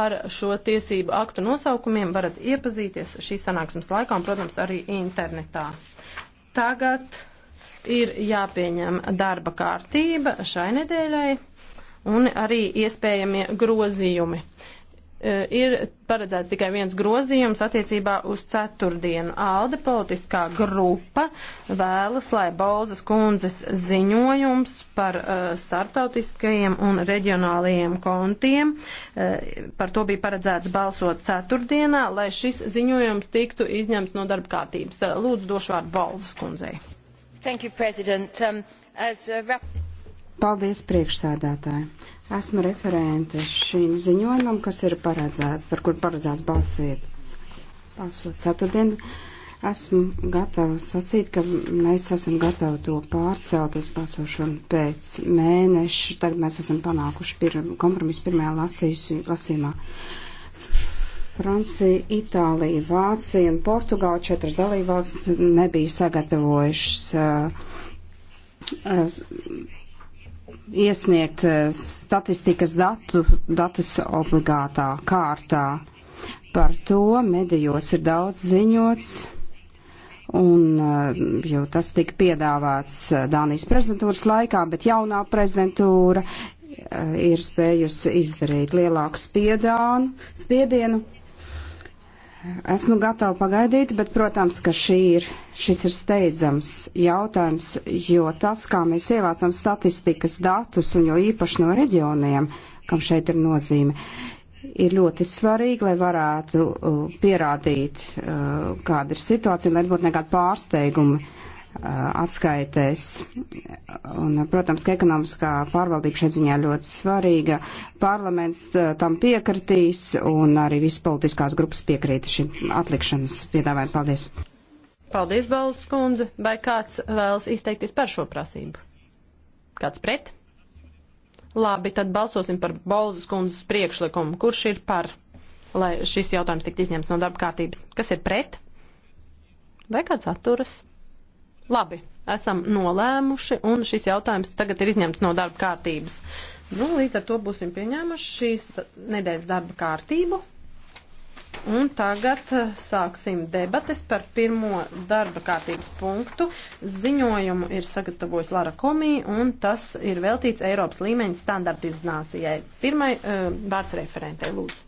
Ar šo tiesību aktu nosaukumiem varat iepazīties šīs sanāksmes laikā un, protams, arī internetā. Tagad ir jāpieņem darba kārtība šai nedēļai un arī iespējamie grozījumi. E, ir paredzēts tikai viens grozījums attiecībā uz ceturtdienu. Alde politiskā grupa vēlas, lai Bolzas kundzes ziņojums par uh, startautiskajiem un reģionālajiem kontiem, uh, par to bija paredzēts balsot ceturtdienā, lai šis ziņojums tiktu izņemts no darba kārtības. Lūdzu, došu vārdu Bolzas kundzei. Thank you, President. Um, as, uh, Paldies priekšsēdētāji. Esmu referente šīm ziņojumam, kas ir paredzēts, par kur paredzēts balsīts. Balsot ceturtdien. Esmu gatava sacīt, ka mēs esam gatavi to pārcelt uz balsošanu pēc mēneša. Tagad mēs esam panākuši pir, kompromisu pirmajā lasījusi, lasījumā. Francija, Itālija, Vācija un Portugāla četras dalībvalsts nebija sagatavojušas. Uh, uh, iesniegt eh, statistikas datu, datus obligātā kārtā. Par to medijos ir daudz ziņots, un eh, jau tas tika piedāvāts eh, Dānijas prezidentūras laikā, bet jaunā prezidentūra ir spējusi izdarīt lielāku spiedānu, spiedienu Esmu gatava pagaidīt, bet, protams, ka ir, šis ir steidzams jautājums, jo tas, kā mēs ievācam statistikas datus, un jo īpaši no reģioniem, kam šeit ir nozīme, ir ļoti svarīgi, lai varētu uh, pierādīt, uh, kāda ir situācija, lai nebūtu nekāda pārsteiguma Uh, atskaitēs. Un, uh, protams, ka ekonomiskā pārvaldība šeit ziņā ļoti svarīga. Parlaments uh, tam piekritīs un arī visas politiskās grupas piekrīt šim atlikšanas piedāvājumam. Paldies! Paldies, Balus kundze! Vai kāds vēlas izteikties par šo prasību? Kāds pret? Labi, tad balsosim par Balus kundzes priekšlikumu. Kurš ir par, lai šis jautājums tiktu izņemts no darba kārtības? Kas ir pret? Vai kāds atturas? Labi, esam nolēmuši, un šis jautājums tagad ir izņemts no darba kārtības. Nu, līdz ar to būsim pieņēmuši šīs nedēļas darba kārtību. Un tagad eh, sāksim debates par pirmo darba kārtības punktu. Ziņojumu ir sagatavojis Lara Komī, un tas ir veltīts Eiropas līmeņa standartizācijai. Pirmai eh, vārds referentei, lūdzu.